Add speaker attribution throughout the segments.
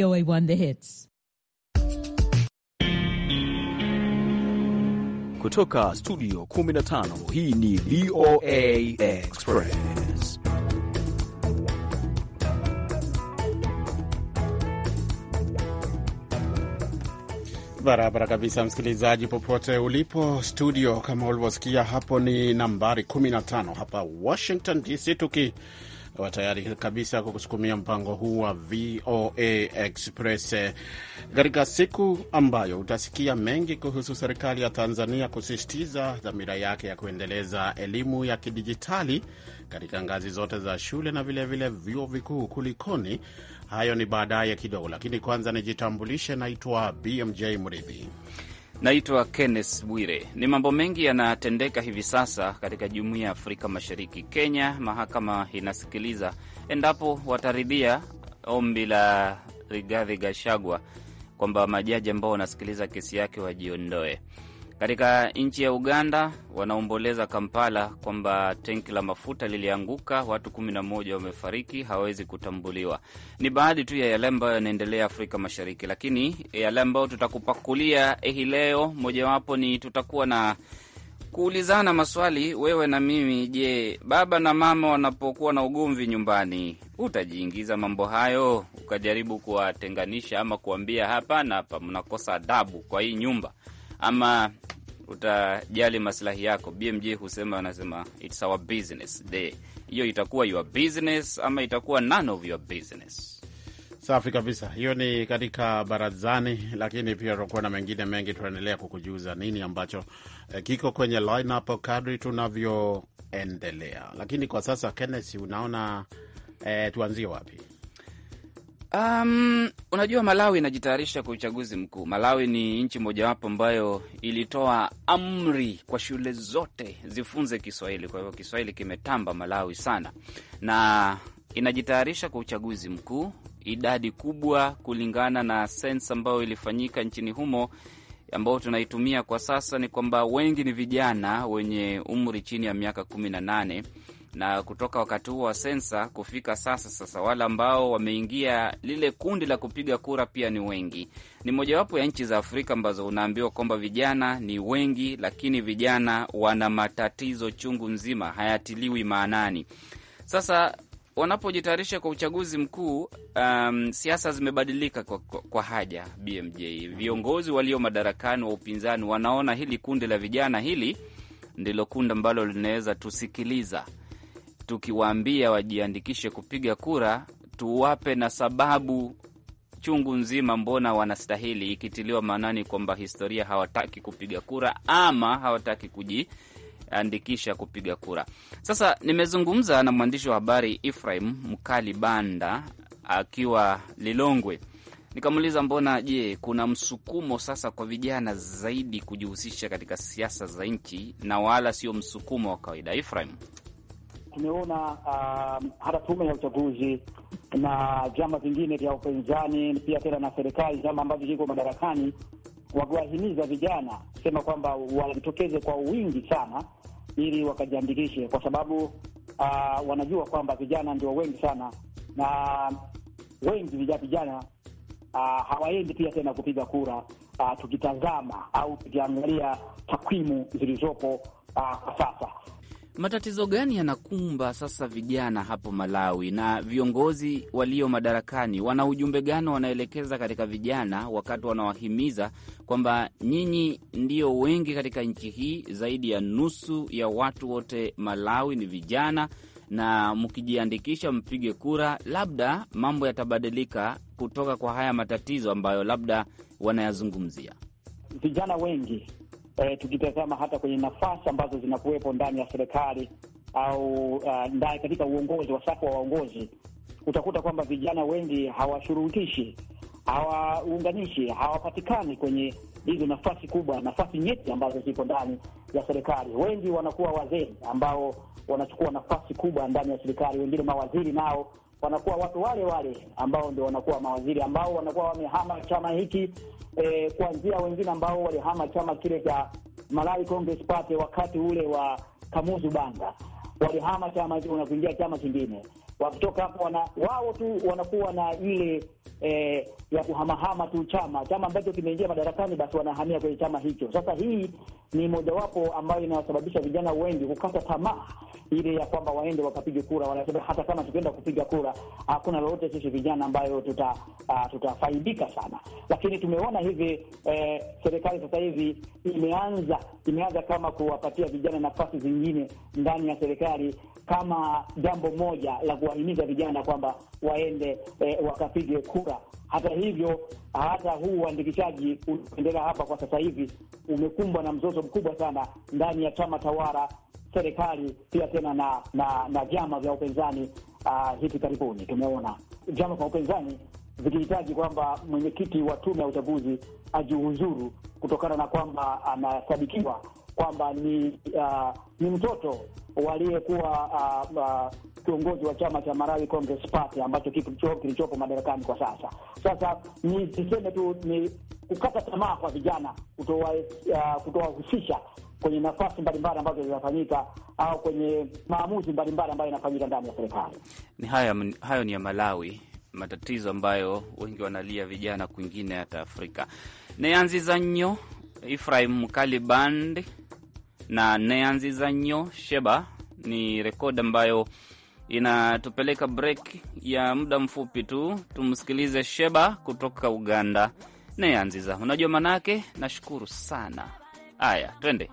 Speaker 1: VOA1 The Hits.
Speaker 2: Kutoka studio 15 hii ni VOA Express.
Speaker 3: Barabara kabisa, msikilizaji, popote ulipo studio, kama ulivyosikia hapo ni nambari 15 hapa Washington DC tuki wa tayari kabisa kukusukumia mpango huu wa VOA Express katika siku ambayo utasikia mengi kuhusu serikali ya Tanzania kusisitiza dhamira yake ya kuendeleza elimu ya kidijitali katika ngazi zote za shule na vilevile vyuo vikuu. Kulikoni? Hayo ni baadaye kidogo,
Speaker 4: lakini kwanza nijitambulishe. Naitwa BMJ Mridhi. Naitwa Kenneth Bwire. Ni mambo mengi yanatendeka hivi sasa katika jumuiya ya Afrika Mashariki. Kenya, mahakama inasikiliza endapo wataridhia ombi la Rigathi Gachagua kwamba majaji ambao wanasikiliza kesi yake wajiondoe. Katika nchi ya Uganda wanaomboleza Kampala kwamba tenki la mafuta lilianguka, watu 11 wamefariki, hawawezi kutambuliwa. Ni baadhi tu ya yale ambayo yanaendelea Afrika Mashariki, lakini yale ambayo tutakupakulia hii leo, mojawapo ni tutakuwa na kuulizana maswali wewe na mimi. Je, baba na mama wanapokuwa na ugomvi nyumbani, utajiingiza mambo hayo ukajaribu kuwatenganisha ama kuambia hapa na hapa, mnakosa adabu kwa hii nyumba ama utajali maslahi yako. BMJ husema anasema it's our business day. Hiyo itakuwa your business ama itakuwa none of your business.
Speaker 3: Safi kabisa, hiyo ni katika barazani, lakini pia tutakuwa na mengine mengi. Tunaendelea kukujuza nini ambacho eh, kiko kwenye lineup kadri tunavyoendelea, lakini kwa sasa
Speaker 4: Kenneth, unaona eh, tuanzie wapi? Um, unajua Malawi inajitayarisha kwa uchaguzi mkuu. Malawi ni nchi mojawapo ambayo ilitoa amri kwa shule zote zifunze Kiswahili. Kwa hivyo Kiswahili kimetamba Malawi sana, na inajitayarisha kwa uchaguzi mkuu. Idadi kubwa kulingana na sensa ambayo ilifanyika nchini humo ambao tunaitumia kwa sasa ni kwamba wengi ni vijana wenye umri chini ya miaka kumi na nane na kutoka wakati huo wa sensa kufika sasa, sasa wale ambao wameingia lile kundi la kupiga kura pia ni wengi. Ni mojawapo ya nchi za Afrika ambazo unaambiwa kwamba vijana ni wengi, lakini vijana wana matatizo chungu nzima, hayatiliwi maanani. Sasa wanapojitayarisha kwa uchaguzi mkuu, um, siasa zimebadilika kwa, kwa, kwa haja BMJ. Viongozi walio madarakani wa upinzani wanaona hili kundi la vijana hili ndilo kundi ambalo linaweza tusikiliza tukiwaambia wajiandikishe kupiga kura, tuwape na sababu chungu nzima mbona wanastahili, ikitiliwa maanani kwamba historia hawataki kupiga kura ama hawataki kujiandikisha kupiga kura. Sasa nimezungumza na mwandishi wa habari Ephraim Mkali Banda akiwa Lilongwe, nikamuuliza mbona, je, kuna msukumo sasa kwa vijana zaidi kujihusisha katika siasa za nchi na wala sio msukumo wa kawaida? Ephraim
Speaker 5: tumeona uh, hata tume ya uchaguzi na vyama vingine vya upinzani pia tena na serikali, vyama ambavyo viko madarakani, wakiwahimiza vijana kusema kwamba wajitokeze kwa wingi sana ili wakajiandikishe, kwa sababu uh, wanajua kwamba vijana ndio wengi sana, na wengi vijana uh, hawaendi pia tena kupiga kura. Uh, tukitazama au tukiangalia takwimu zilizopo uh, kwa sasa
Speaker 4: matatizo gani yanakumba sasa vijana hapo Malawi, na viongozi walio madarakani wana ujumbe gani wanaelekeza katika vijana, wakati wanawahimiza kwamba nyinyi ndio wengi katika nchi hii, zaidi ya nusu ya watu wote Malawi ni vijana, na mkijiandikisha mpige kura, labda mambo yatabadilika kutoka kwa haya matatizo ambayo labda wanayazungumzia
Speaker 5: vijana wengi eh, tukitazama hata kwenye nafasi ambazo zinakuwepo ndani ya serikali au uh, ndani katika uongozi wasafu wa waongozi, utakuta kwamba vijana wengi hawashurutishi, hawaunganishi, hawapatikani kwenye hizo nafasi kubwa, nafasi nyeti ambazo zipo ndani ya serikali. Wengi wanakuwa wazee ambao wanachukua nafasi kubwa ndani ya serikali, wengine mawaziri nao wanakuwa watu wale wale ambao ndio wanakuwa mawaziri ambao wanakuwa wamehama chama hiki e, kuanzia wengine ambao walihama chama kile cha Malawi Congress Party wakati ule wa Kamuzu Banda walihama chama na kuingia chama kingine wakitoka hapo wana, wao tu wanakuwa na ile eh, ya kuhamahama tu chama chama ambacho kimeingia madarakani, basi wanahamia kwenye chama hicho. Sasa hii ni mojawapo ambayo inawasababisha vijana wengi kukata tamaa ile ya kwamba waende wakapige kura. Wanasema hata kama tukienda kupiga kura hakuna lolote sisi vijana ambayo tuta, uh, tutafaidika sana. Lakini tumeona hivi eh, serikali sasa hivi imeanza imeanza kama kuwapatia vijana nafasi zingine ndani ya serikali kama jambo moja la kuwahimiza vijana kwamba waende eh, wakapige kura. Hata hivyo, hata huu uandikishaji unaendelea hapa kwa sasa hivi umekumbwa na mzozo mkubwa sana ndani ya chama tawala, serikali pia tena na na, na vyama vya upinzani. Uh, hivi karibuni tumeona vyama vya upinzani vikihitaji kwamba mwenyekiti wa tume ya uchaguzi ajiuzuru kutokana na kwamba anasadikiwa kwamba ni uh, ni mtoto waliyekuwa uh, uh, kiongozi wa chama cha Malawi Congress Party ambacho kilichopo madarakani kwa sasa. Sasa ni tuseme tu ni kukata tamaa kwa vijana, uh, kutowahusisha uh, kwenye nafasi mbalimbali ambazo zinafanyika au kwenye maamuzi mbalimbali ambayo yanafanyika ndani ya serikali.
Speaker 4: Ni haya, hayo ni ya Malawi, matatizo ambayo wengi wanalia vijana, kwingine hata Afrika. Neanzi za nyo Ifrahim Kaliband na nyo Sheba. Ni rekodi ambayo inatupeleka break ya muda mfupi tu, tumsikilize Sheba kutoka Uganda. Neanziza, unajua manake, nashukuru sana. Aya, twende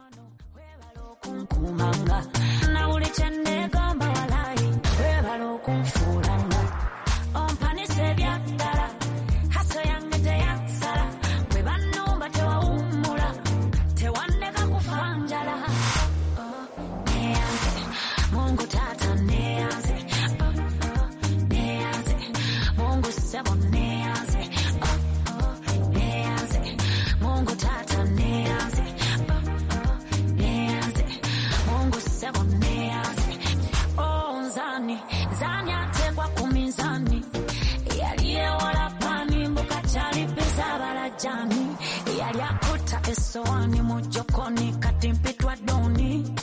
Speaker 1: soani muchokoni kati mpitwa doni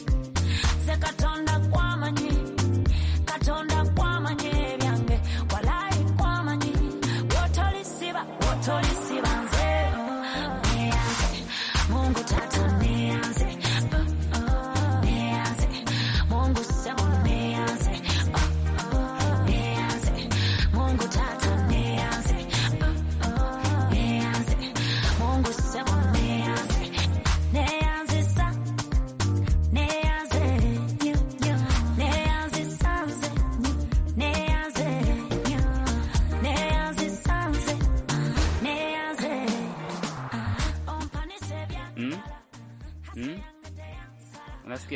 Speaker 1: se katonda kwamanyi katonda kwamanyi vyange walai kwamanyi wotolisiba wotolisibanze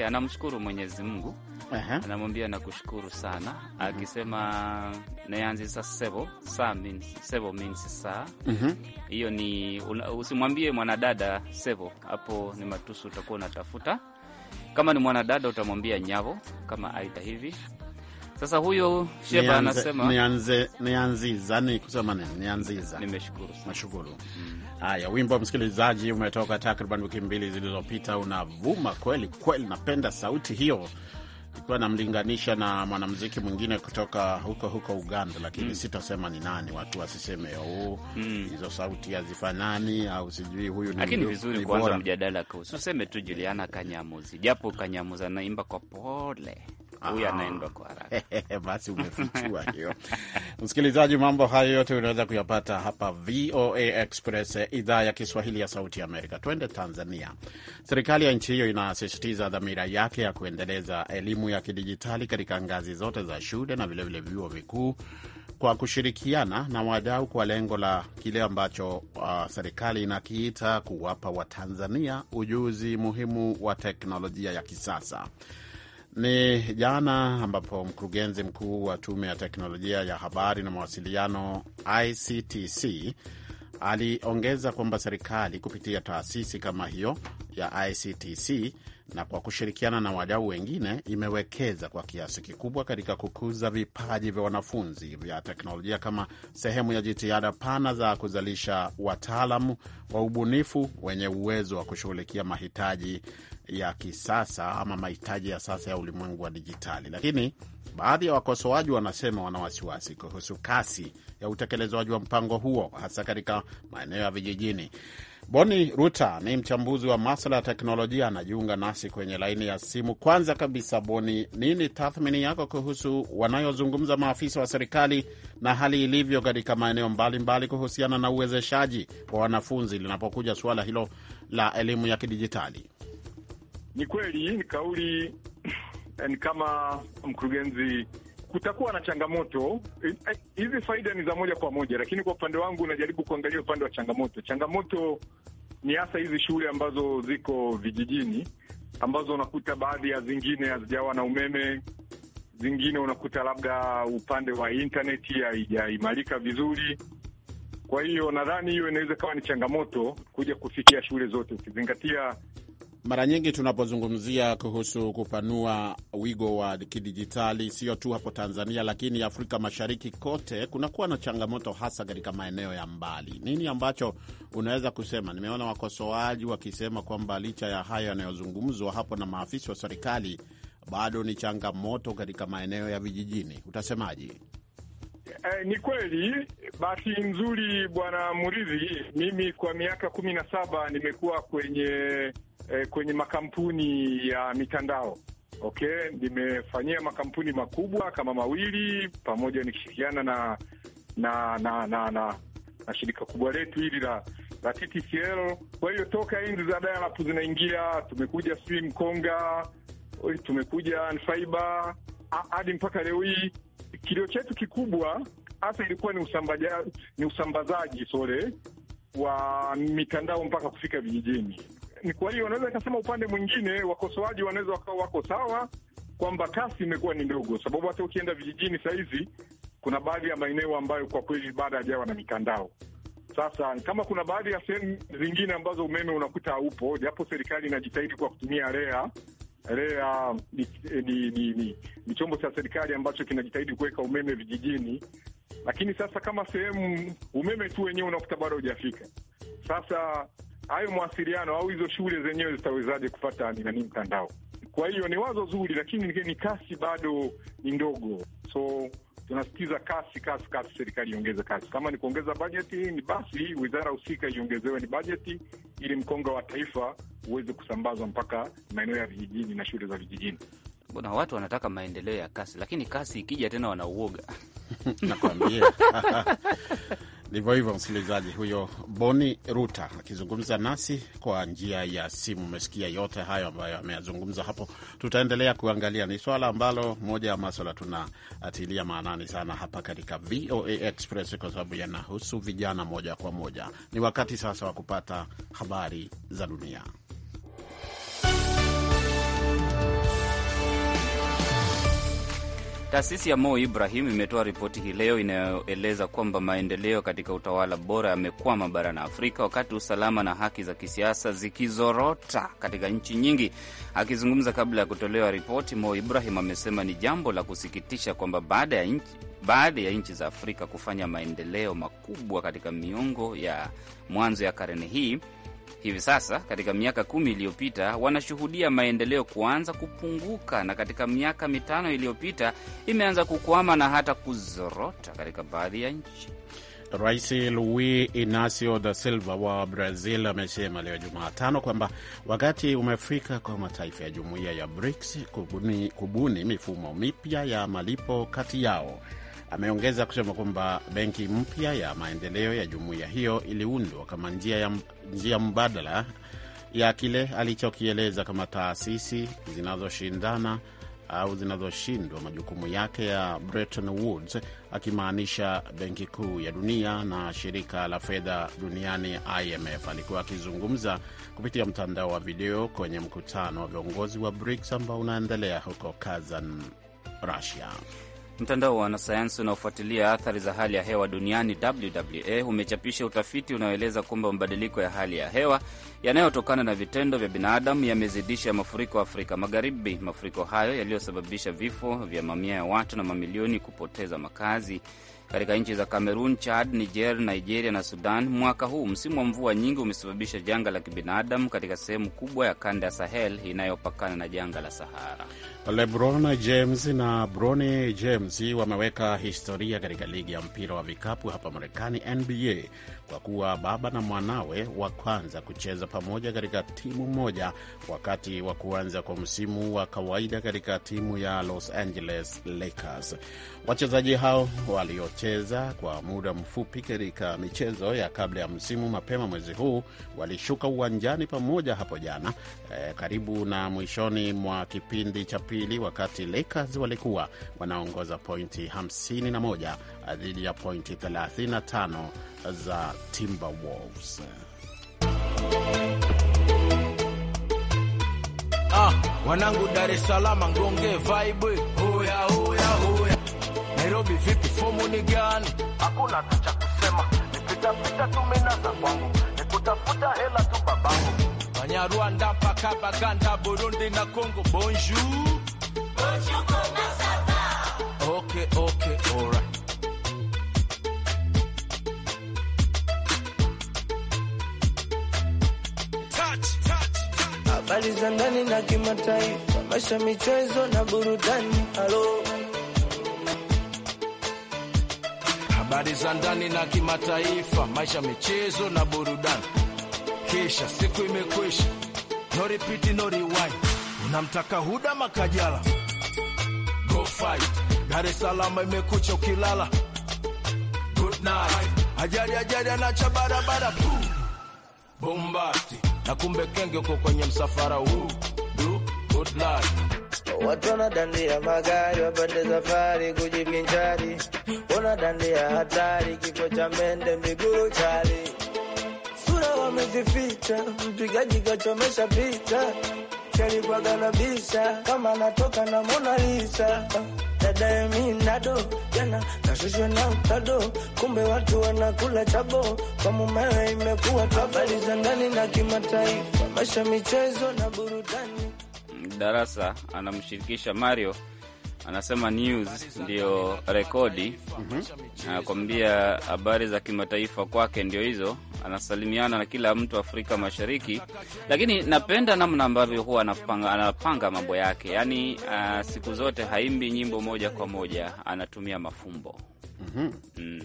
Speaker 4: anamshukuru Mwenyezi Mungu uh -huh. Anamwambia nakushukuru sana uh mhm. -huh. Akisema naanzi sa sebo sa means sebo means saa hiyo mhm. uh -huh. Ni usimwambie mwanadada sebo, hapo ni matusu, utakuwa unatafuta. Kama ni mwanadada utamwambia nyavo, kama aita hivi sasa huyo Sheba anasema
Speaker 3: nianze nianziza ni kusema nini, nianziza. Nimeshukuru, nashukuru. Mm. Haya, wimbo msikilizaji, umetoka takriban wiki mbili zilizopita, unavuma kweli kweli. Napenda sauti hiyo ikiwa namlinganisha na mwanamuziki mwingine kutoka huko huko Uganda, lakini mm. sitasema ni nani, watu wasiseme oh, mm. hizo sauti hazifanani au sijui huyu ni. Lakini vizuri kuanza
Speaker 4: mjadala kuhusu, tuseme tu Juliana Kanyamuzi, japo Kanyamuzi anaimba kwa pole huyu anaendwa kwa
Speaker 3: haraka.
Speaker 4: Basi umefichua hiyo. Msikilizaji, mambo hayo yote unaweza kuyapata hapa
Speaker 3: VOA Express, idhaa ya Kiswahili ya Sauti ya Amerika. Twende Tanzania. Serikali ya nchi hiyo inasisitiza dhamira yake ya kuendeleza elimu ya kidijitali katika ngazi zote za shule na vilevile vyuo vikuu kwa kushirikiana na wadau kwa lengo la kile ambacho uh, serikali inakiita kuwapa Watanzania ujuzi muhimu wa teknolojia ya kisasa. Ni jana ambapo mkurugenzi mkuu wa tume ya teknolojia ya habari na mawasiliano ICTC aliongeza kwamba serikali kupitia taasisi kama hiyo ya ICTC na kwa kushirikiana na wadau wengine imewekeza kwa kiasi kikubwa katika kukuza vipaji vya wanafunzi vya teknolojia kama sehemu ya jitihada pana za kuzalisha wataalamu wa ubunifu wenye uwezo wa kushughulikia mahitaji ya kisasa ama mahitaji ya sasa ya ulimwengu wa dijitali, lakini baadhi ya wakosoaji wanasema wana wasiwasi kuhusu kasi ya utekelezwaji wa mpango huo hasa katika maeneo ya vijijini. Boni Ruta ni mchambuzi wa maswala ya teknolojia, anajiunga nasi kwenye laini ya simu. Kwanza kabisa, Boni, nini tathmini yako kuhusu wanayozungumza maafisa wa serikali na hali ilivyo katika maeneo mbalimbali kuhusiana na uwezeshaji wa wanafunzi linapokuja suala hilo la elimu ya kidijitali?
Speaker 6: Ni kweli ni kauli eh, ni kama mkurugenzi, kutakuwa na changamoto. Eh, hizi faida ni za moja kwa moja, lakini kwa upande wangu najaribu kuangalia upande wa changamoto. Changamoto ni hasa hizi shule ambazo ziko vijijini, ambazo unakuta baadhi ya zingine hazijawa na umeme, zingine unakuta labda upande wa intaneti haijaimarika vizuri. Kwa hiyo nadhani hiyo inaweza kawa ni changamoto kuja kufikia shule zote, ukizingatia mara nyingi
Speaker 3: tunapozungumzia kuhusu kupanua wigo wa kidijitali, sio tu hapo Tanzania, lakini Afrika Mashariki kote, kunakuwa na changamoto, hasa katika maeneo ya mbali. Nini ambacho unaweza kusema? Nimeona wakosoaji wakisema kwamba licha ya hayo yanayozungumzwa hapo na maafisa wa serikali, bado ni changamoto katika maeneo ya vijijini. Utasemaje?
Speaker 6: Eh, ni kweli. Bahati nzuri, Bwana Muridhi, mimi kwa miaka kumi na saba nimekuwa kwenye eh, kwenye makampuni ya mitandao. Okay, nimefanyia makampuni makubwa kama mawili pamoja, nikishirikiana na na na na, na, na shirika kubwa letu hili la la TTCL. Kwa hiyo toka hizi za dial-up zinaingia, tumekuja sijui mkonga, tumekuja Nfaiba hadi mpaka leo hii. Kilio chetu kikubwa hasa ilikuwa ni ni usambazaji sole wa mitandao mpaka kufika vijijini. Kwa hiyo unaweza ikasema, upande mwingine wakosoaji wanaweza wakawa wako sawa kwamba kasi imekuwa ni ndogo, sababu hata ukienda vijijini sahizi kuna baadhi ya maeneo ambayo kwa kweli baada hajawa na mitandao. Sasa kama kuna baadhi ya sehemu zingine ambazo umeme unakuta haupo, japo serikali inajitahidi kwa kutumia REA. REA ni, ni, ni, ni, ni chombo cha serikali ambacho kinajitahidi kuweka umeme vijijini, lakini sasa kama sehemu umeme tu wenyewe unakuta bado hujafika. Sasa hayo mawasiliano au hizo shule zenyewe zitawezaje kupata nani mtandao? Kwa hiyo ni wazo zuri, lakini ni kasi bado ni ndogo, so tunasitiza kasi, kasi, kasi. Serikali iongeze kasi. Kama ni kuongeza bajeti, ni basi wizara husika iongezewe ni bajeti, ili mkonga wa taifa uweze kusambazwa mpaka maeneo ya vijijini na shule za vijijini.
Speaker 4: Mbona watu wanataka maendeleo ya kasi, lakini kasi ikija tena wanauoga
Speaker 3: nakwambia Ndivyo hivyo, msikilizaji. Huyo Boni Ruta akizungumza nasi kwa njia ya simu. Umesikia yote hayo ambayo ameyazungumza hapo. Tutaendelea kuangalia, ni swala ambalo, moja ya maswala tunatilia maanani sana hapa katika VOA Express kwa sababu yanahusu vijana moja kwa moja. Ni wakati sasa wa kupata habari za dunia.
Speaker 4: Taasisi ya Mo Ibrahim imetoa ripoti hii leo inayoeleza kwamba maendeleo katika utawala bora yamekwama barani Afrika, wakati usalama na haki za kisiasa zikizorota katika nchi nyingi. Akizungumza kabla ya kutolewa ripoti, Mo Ibrahim amesema ni jambo la kusikitisha kwamba baada ya nchi baadhi ya nchi za Afrika kufanya maendeleo makubwa katika miongo ya mwanzo ya karne hii Hivi sasa katika miaka kumi iliyopita wanashuhudia maendeleo kuanza kupunguka, na katika miaka mitano iliyopita imeanza kukwama na hata kuzorota katika baadhi ya nchi.
Speaker 3: Rais Luis Inacio da Silva wa Brazil amesema leo Jumatano kwamba wakati umefika kwa mataifa ya jumuiya ya BRICS kubuni, kubuni mifumo mipya ya malipo kati yao. Ameongeza kusema kwamba benki mpya ya maendeleo ya jumuiya hiyo iliundwa kama njia, ya, njia mbadala ya kile alichokieleza kama taasisi zinazoshindana au zinazoshindwa majukumu yake ya Bretton Woods, akimaanisha Benki Kuu ya Dunia na Shirika la Fedha Duniani, IMF. Alikuwa akizungumza kupitia mtandao wa video kwenye mkutano wa viongozi wa BRICS ambao unaendelea huko Kazan, Russia.
Speaker 4: Mtandao wa wanasayansi unaofuatilia athari za hali ya hewa duniani WWA umechapisha utafiti unaoeleza kwamba mabadiliko ya hali ya hewa yanayotokana na vitendo vya binadamu yamezidisha mafuriko Afrika Magharibi. Mafuriko hayo yaliyosababisha vifo vya mamia ya watu na mamilioni kupoteza makazi katika nchi za Cameroon, Chad, Niger, Nigeria na Sudan. Mwaka huu msimu wa mvua nyingi umesababisha janga la kibinadamu katika sehemu kubwa ya kanda ya Sahel inayopakana na janga la Sahara.
Speaker 3: LeBron James na Bronny James wameweka historia katika ligi ya mpira wa vikapu hapa Marekani, NBA, kwa kuwa baba na mwanawe wa kwanza kucheza pamoja katika timu moja wakati wa kuanza kwa msimu wa kawaida katika timu ya Los Angeles Lakers. Wachezaji hao walio kucheza kwa muda mfupi katika michezo ya kabla ya msimu mapema mwezi huu walishuka uwanjani pamoja hapo jana eh, karibu na mwishoni mwa kipindi cha pili, wakati Lakers walikuwa wanaongoza pointi 51 eh, dhidi ya pointi 35 za
Speaker 2: Timberwolves. Ah, wanangu Dar es Salaam ngonge vibe. huya huya Nairobi vipi, fomu ni gani? Hakuna tu cha kusema, nipitapita tu minaza kwangu, nikutafuta hela tu babangu. Banyarwanda paka Baganda, Burundi na Kongo, bonjour bonjour, comment sava. va? Okay, okay, all right. Habari za ndani na kimataifa, maisha, michezo na burudani. Halo habari za ndani na kimataifa, maisha, michezo na burudani. Kisha siku imekwisha, no repeat, no rewind. Unamtaka Huda Makajala, go fight. Dar es Salaam imekucha, ukilala good night. Ajali, ajali, anacha barabara, bombasti na kumbe kenge uko kwenye msafara huu, good night watu wanadandia magari wapande safari kujivinjari, wanadandia hatari, kifo cha mende miguru chali, sura wamezificha, mpigaji kachomesha picha chalibwaganabisa kama natoka na Mona Lisa dadaye minado jana kashushwa na utado, kumbe watu wanakula chabo kwa mumewe, imekuwa habari za ndani na kimataifa, masha michezo na burudani.
Speaker 4: Darasa anamshirikisha Mario anasema news ndiyo rekodi, mhm. anakwambia mm -hmm. Habari za kimataifa kwake ndio hizo anasalimiana na kila mtu Afrika Mashariki, lakini napenda namna ambavyo huwa anapanga, anapanga mambo yake yaani, uh, siku zote haimbi nyimbo moja kwa moja, anatumia mafumbo. Mm -hmm. Mm.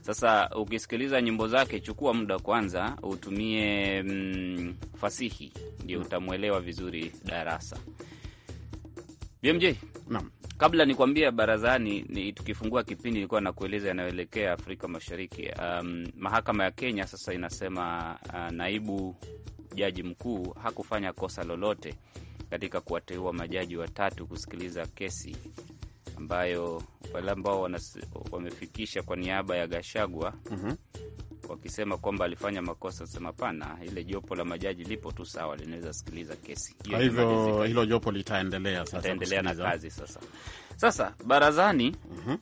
Speaker 4: Sasa ukisikiliza nyimbo zake, chukua muda kwanza utumie mm, fasihi ndio utamwelewa vizuri darasa. BMJ. Naam. Kabla nikuambia barazani, ni tukifungua kipindi nilikuwa nakueleza yanayoelekea Afrika Mashariki. Um, mahakama ya Kenya sasa inasema uh, naibu jaji mkuu hakufanya kosa lolote katika kuwateua majaji watatu kusikiliza kesi ambayo wale ambao wamefikisha kwa niaba ya Gashagwa mm -hmm wakisema kwamba alifanya makosa. Sema pana, ile jopo la majaji lipo tu sawa, linaweza sikiliza kesi hivyo. Hilo jopo litaendelea sasa, litaendelea na kazi sasa. Sasa barazani, mm -hmm.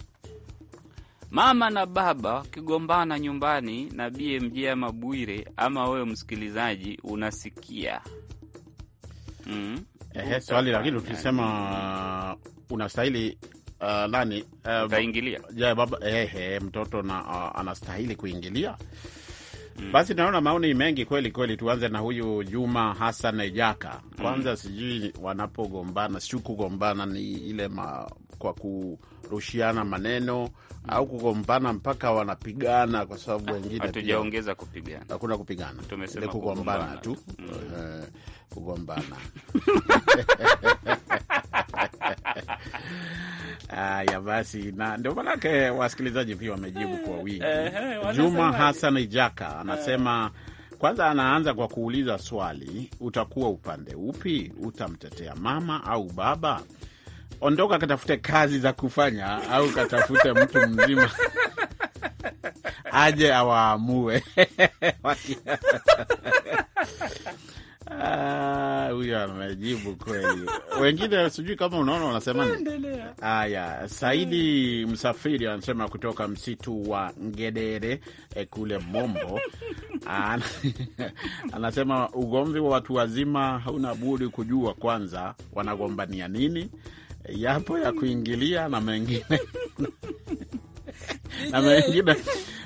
Speaker 4: Mama na baba wakigombana nyumbani na BMJ ama Bwire ama wewe msikilizaji unasikia mm.
Speaker 3: Ehe, swali lakini, ukisema unastahili uh, eh, eh, kaingilia uh, yeah, baba eh, mtoto na uh, anastahili kuingilia mm. Basi naona maoni mengi kweli kweli. Tuanze na huyu Juma Hasan Ejaka kwanza mm. Sijui wanapogombana siu kugombana ni ile ma, kwa kurushiana maneno mm. au kugombana mpaka wanapigana, kwa sababu ah, wengine hatujaongeza kupigana, hakuna kupigana, tumesema kugombana tu mm. uh, kugombana Haya basi, na ndio manake wasikilizaji pia wamejibu kwa eh, wingi. Eh, Juma Hasan Jaka anasema eh. kwanza anaanza kwa kuuliza swali, utakuwa upande upi? Utamtetea mama au baba? Ondoka katafute kazi za kufanya, au katafute mtu mzima aje awaamue Ah, Huyo amejibu kweli. Wengine sijui kama unaona wanasema Haya, Saidi Msafiri anasema kutoka msitu wa Ngedere eh, kule Mombo An anasema ugomvi wa watu wazima hauna budi kujua kwanza wanagombania nini, yapo ya kuingilia na mengine na mengine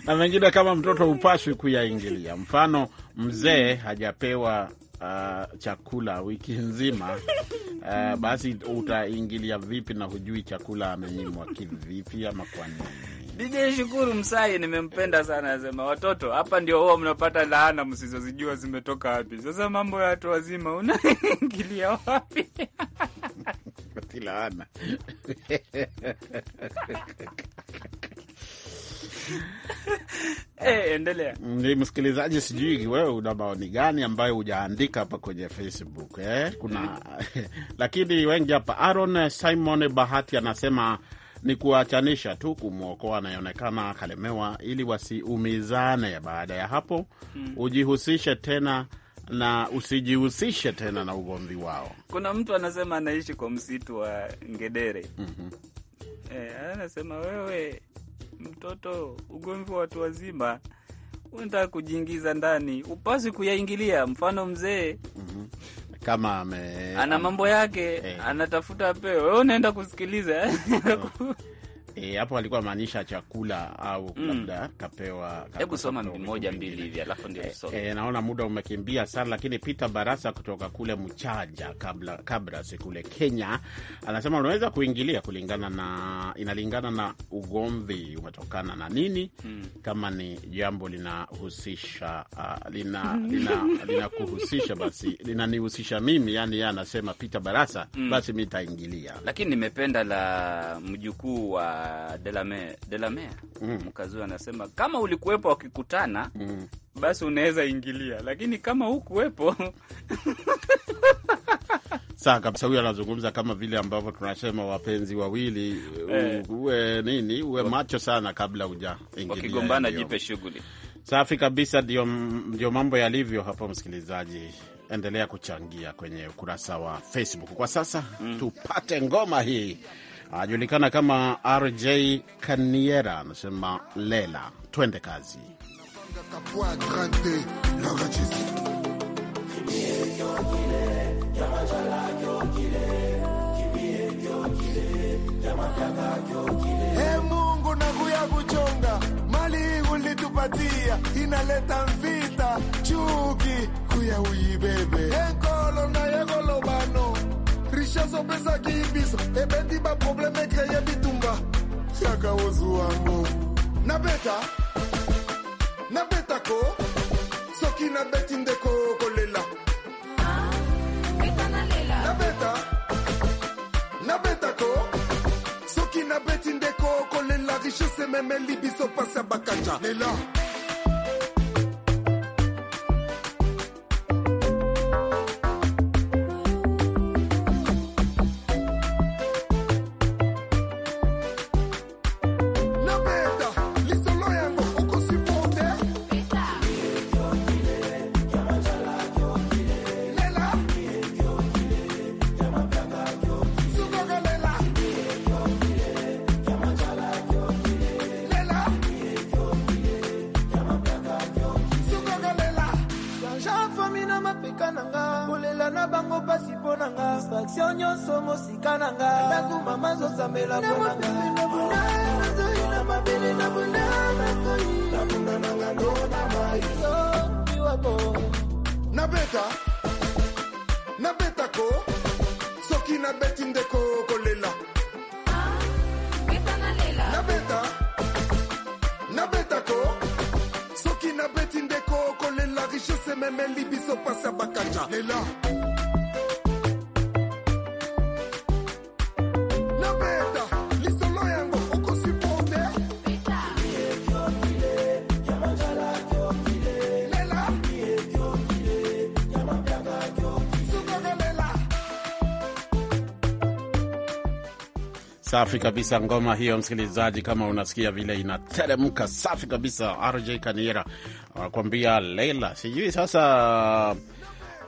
Speaker 3: na mengine kama mtoto upashwi kuyaingilia. Mfano, mzee hajapewa uh, chakula wiki nzima uh, basi utaingilia vipi na hujui chakula amenyimwa kivipi ama kwa nini?
Speaker 4: DJ Shukuru Msai nimempenda sana, asema watoto hapa ndio huwa mnapata laana msizozijua zimetoka wapi. Sasa mambo ya watu wazima unaingilia wapi? laana Hey, eh, endelea.
Speaker 3: Ni msikilizaji, sijui wewe una maoni gani ambayo hujaandika hapa kwenye Facebook eh? Kuna lakini wengi hapa. Aaron Simon Bahati anasema ni kuachanisha tu, kumwokoa anayeonekana akalemewa ili wasiumizane. Baada ya hapo hmm, ujihusishe tena na usijihusishe tena na ugomvi wao.
Speaker 4: Kuna mtu anasema anaishi kwa msitu wa ngedere. mm -hmm. E, anasema wewe mtoto, ugomvi wa watu wazima unataka kujiingiza ndani, upasi kuyaingilia. Mfano mzee
Speaker 3: mm -hmm. kama ame... ana
Speaker 4: mambo yake hey. Eh. anatafuta peo, we unaenda kusikiliza oh. E, hapo alikuwa maanisha chakula au mm, labda kapewa. Hebu soma moja mbili hivi alafu
Speaker 3: ndio eh, usome. E, naona muda umekimbia sana, lakini Peter Barasa kutoka kule Mchaja kabla kabla si kule Kenya anasema unaweza kuingilia kulingana na inalingana na ugomvi umetokana na nini, mm, kama ni jambo linahusisha uh, lina linakuhusisha lina basi linanihusisha mimi, yani yeye ya, anasema
Speaker 4: Peter Barasa, mm, basi mimi nitaingilia, lakini nimependa la mjukuu wa uh, Delamere Delamere mm. Mkazi anasema kama ulikuwepo wakikutana mm. basi unaweza ingilia, lakini kama hukuwepo
Speaker 3: Sawa kabisa, huyo anazungumza kama vile ambavyo tunasema wapenzi wawili eh, uwe nini, uwe macho sana kabla uja wakigombana jipe shughuli. Safi kabisa, ndio mambo yalivyo hapo. Msikilizaji, endelea kuchangia kwenye ukurasa wa Facebook kwa sasa mm. tupate ngoma hii anajulikana kama RJ Kaniera, anasema Lela. Twende kazi.
Speaker 7: Hey Mungu nakuya kuchonga mali ulitupatia, inaleta mvita chuki kuya uibebe enkolo na yekolobano richesse opesaki ibiso ebeti baprobleme ekreye bitumba yaka ozuwango nabeta nabetako soki nabeti ndeko kolela nabeta nabetako soki nabeti ndeko kolela richesse ememeli biso pasi ya bakanja lela pasa bakata lela
Speaker 3: Safi kabisa ngoma hiyo, msikilizaji, kama unasikia vile inateremka, safi kabisa. RJ Kaniera wanakuambia Leila, sijui sasa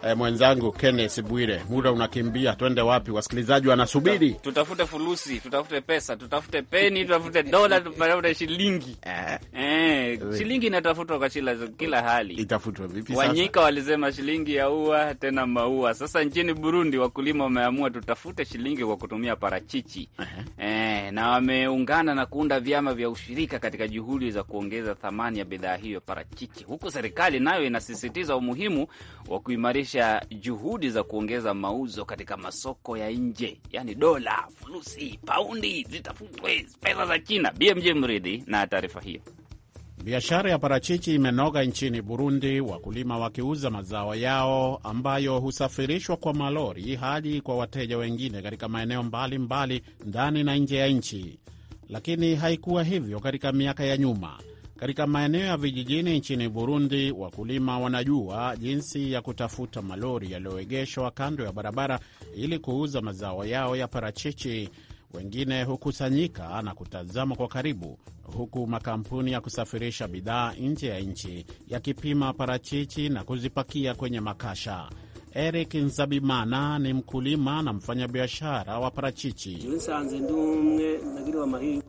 Speaker 3: eh, mwenzangu Kenneth Bwire, muda unakimbia, twende wapi? Wasikilizaji wanasubiri, tuta,
Speaker 4: tutafute fulusi, tutafute pesa, tutafute peni, tutafute dola, tutafute shilingi eh. eh, shilingi inatafutwa kwa kila, kila hali.
Speaker 3: Itafutwa vipi sasa? Wanyika
Speaker 4: walisema shilingi ya ua tena maua. Sasa nchini Burundi wakulima wameamua tutafute shilingi kwa kutumia parachichi uh -huh. eh, na wameungana na kuunda vyama vya ushirika katika juhudi za kuongeza thamani ya bidhaa hiyo parachichi, huku serikali nayo inasisitiza umuhimu wa kuimarisha kuonyesha juhudi za kuongeza mauzo katika masoko ya nje, yaani dola, fulusi, paundi zitafutwe, pesa za China. BMJ Mridhi na taarifa hiyo.
Speaker 3: Biashara ya parachichi imenoga nchini Burundi, wakulima wakiuza mazao yao ambayo husafirishwa kwa malori hadi kwa wateja wengine katika maeneo mbalimbali mbali, ndani na nje ya nchi, lakini haikuwa hivyo katika miaka ya nyuma. Katika maeneo ya vijijini nchini Burundi, wakulima wanajua jinsi ya kutafuta malori yaliyoegeshwa kando ya barabara ili kuuza mazao yao ya parachichi. Wengine hukusanyika na kutazama kwa karibu, huku makampuni ya kusafirisha bidhaa nje ya nchi yakipima parachichi na kuzipakia kwenye makasha. Eric Nzabimana ni mkulima na mfanyabiashara wa parachichi.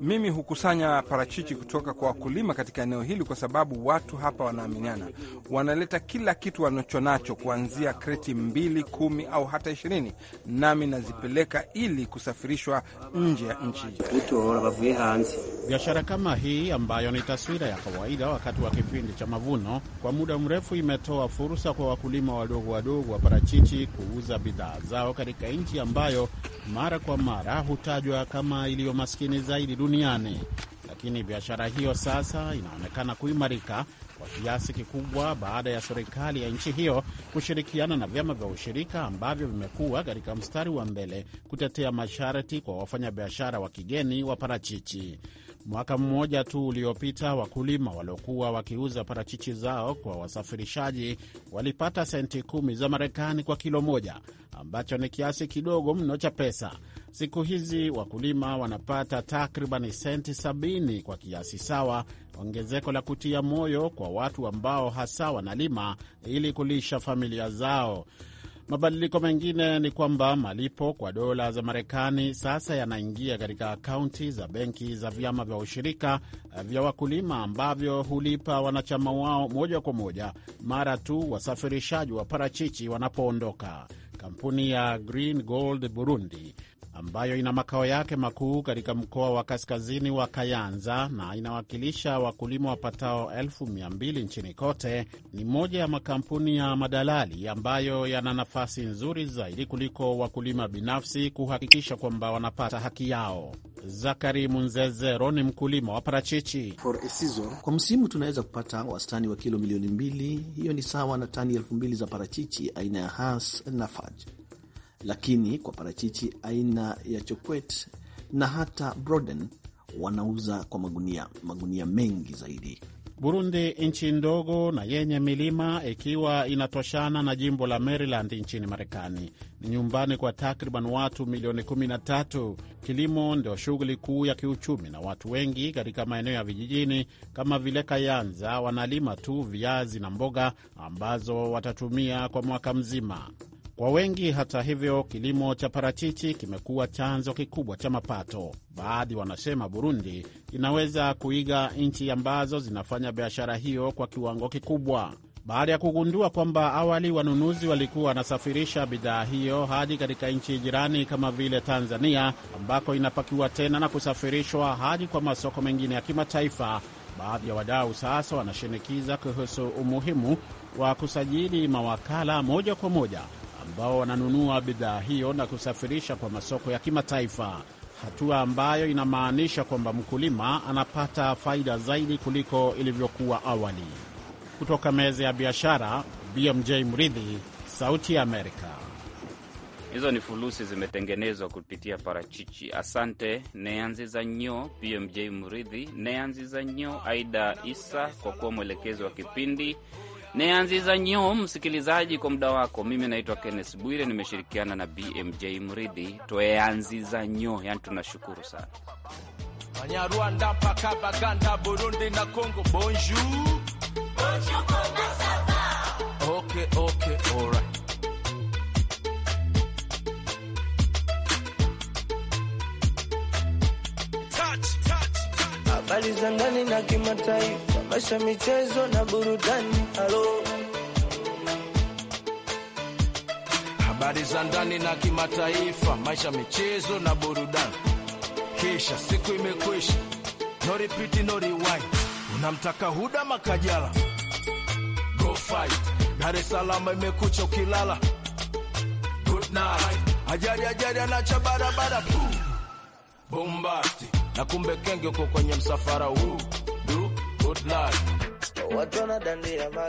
Speaker 3: Mimi hukusanya
Speaker 7: parachichi kutoka kwa wakulima katika eneo hili, kwa sababu watu hapa wanaaminiana, wanaleta kila kitu wanachonacho, kuanzia kreti mbili, kumi au hata ishirini, nami nazipeleka ili kusafirishwa nje ya nchi.
Speaker 3: Biashara kama hii ambayo ni taswira ya kawaida wakati wa kipindi cha mavuno, kwa muda mrefu imetoa fursa kwa wakulima wadogo wadogo wa parachichi kuuza bidhaa zao katika nchi ambayo mara kwa mara hutajwa kama iliyo maskini zaidi duniani. Lakini biashara hiyo sasa inaonekana kuimarika kwa kiasi kikubwa baada ya serikali ya nchi hiyo kushirikiana na vyama vya ushirika ambavyo vimekuwa katika mstari wa mbele kutetea masharti kwa wafanyabiashara wa kigeni wa parachichi. Mwaka mmoja tu uliopita, wakulima waliokuwa wakiuza parachichi zao kwa wasafirishaji walipata senti kumi za Marekani kwa kilo moja, ambacho ni kiasi kidogo mno cha pesa. Siku hizi wakulima wanapata takribani senti sabini kwa kiasi sawa, ongezeko la kutia moyo kwa watu ambao hasa wanalima ili kulisha familia zao. Mabadiliko mengine ni kwamba malipo kwa dola za Marekani sasa yanaingia katika akaunti za benki za vyama vya ushirika eh, vya wakulima ambavyo hulipa wanachama wao moja kwa moja mara tu wasafirishaji wa parachichi wanapoondoka. Kampuni ya Green Gold Burundi ambayo ina makao yake makuu katika mkoa wa kaskazini wa Kayanza na inawakilisha wakulima wapatao elfu mia mbili nchini kote, ni moja ya makampuni ya madalali ambayo yana nafasi nzuri zaidi kuliko wakulima binafsi kuhakikisha kwamba wanapata haki yao. Zakari Munzezero ni mkulima wa parachichi. Kwa
Speaker 2: msimu tunaweza kupata wastani wa kilo milioni mbili, hiyo ni sawa na tani elfu mbili za parachichi aina ya Has na Faj lakini kwa parachichi aina ya chokwet na hata broden wanauza
Speaker 3: kwa magunia magunia mengi zaidi. Burundi, nchi ndogo na yenye milima, ikiwa inatoshana na jimbo la Maryland nchini Marekani, ni nyumbani kwa takriban watu milioni 13. Kilimo ndio shughuli kuu ya kiuchumi, na watu wengi katika maeneo ya vijijini kama vile Kayanza wanalima tu viazi na mboga ambazo watatumia kwa mwaka mzima. Kwa wengi, hata hivyo, kilimo cha parachichi kimekuwa chanzo kikubwa cha mapato. Baadhi wanasema Burundi inaweza kuiga nchi ambazo zinafanya biashara hiyo kwa kiwango kikubwa, baada ya kugundua kwamba awali wanunuzi walikuwa wanasafirisha bidhaa hiyo hadi katika nchi jirani kama vile Tanzania, ambako inapakiwa tena na kusafirishwa hadi kwa masoko mengine ya kimataifa. Baadhi ya wadau sasa wanashinikiza kuhusu umuhimu wa kusajili mawakala moja kwa moja ambao wananunua bidhaa hiyo na kusafirisha kwa masoko ya kimataifa, hatua ambayo inamaanisha kwamba mkulima anapata faida zaidi kuliko ilivyokuwa awali. Kutoka meza ya biashara, BMJ Mridhi, Sauti ya Amerika.
Speaker 4: Hizo ni fulusi zimetengenezwa kupitia parachichi. Asante Neanzi za Nyo, BMJ Mridhi, Neanzi za Nyo, Aida Isa kwa kuwa mwelekezi wa kipindi neanziza nyo msikilizaji, kwa muda wako. Mimi naitwa Kenneth Bwire, nimeshirikiana na BMJ Mridhi. Tweanziza nyo, yani tunashukuru sana
Speaker 2: Banyarwanda mpaka Baganda, Burundi na Congo. Bonjour, bonjour, Okay, okay, Habari za ndani na kimataifa tamasha, michezo na burudani. Halo, habari za ndani na kimataifa, maisha, michezo na burudani. Kisha siku imekwisha, no repeat, no rewind. Unamtaka Huda Makajala, go fight. Dar es Salaam imekucha ukilala, good night. Ajari ajari anacha barabara, boom bombasti, na kumbe kenge uko kwenye msafara huu Good luck. Watu wanadandia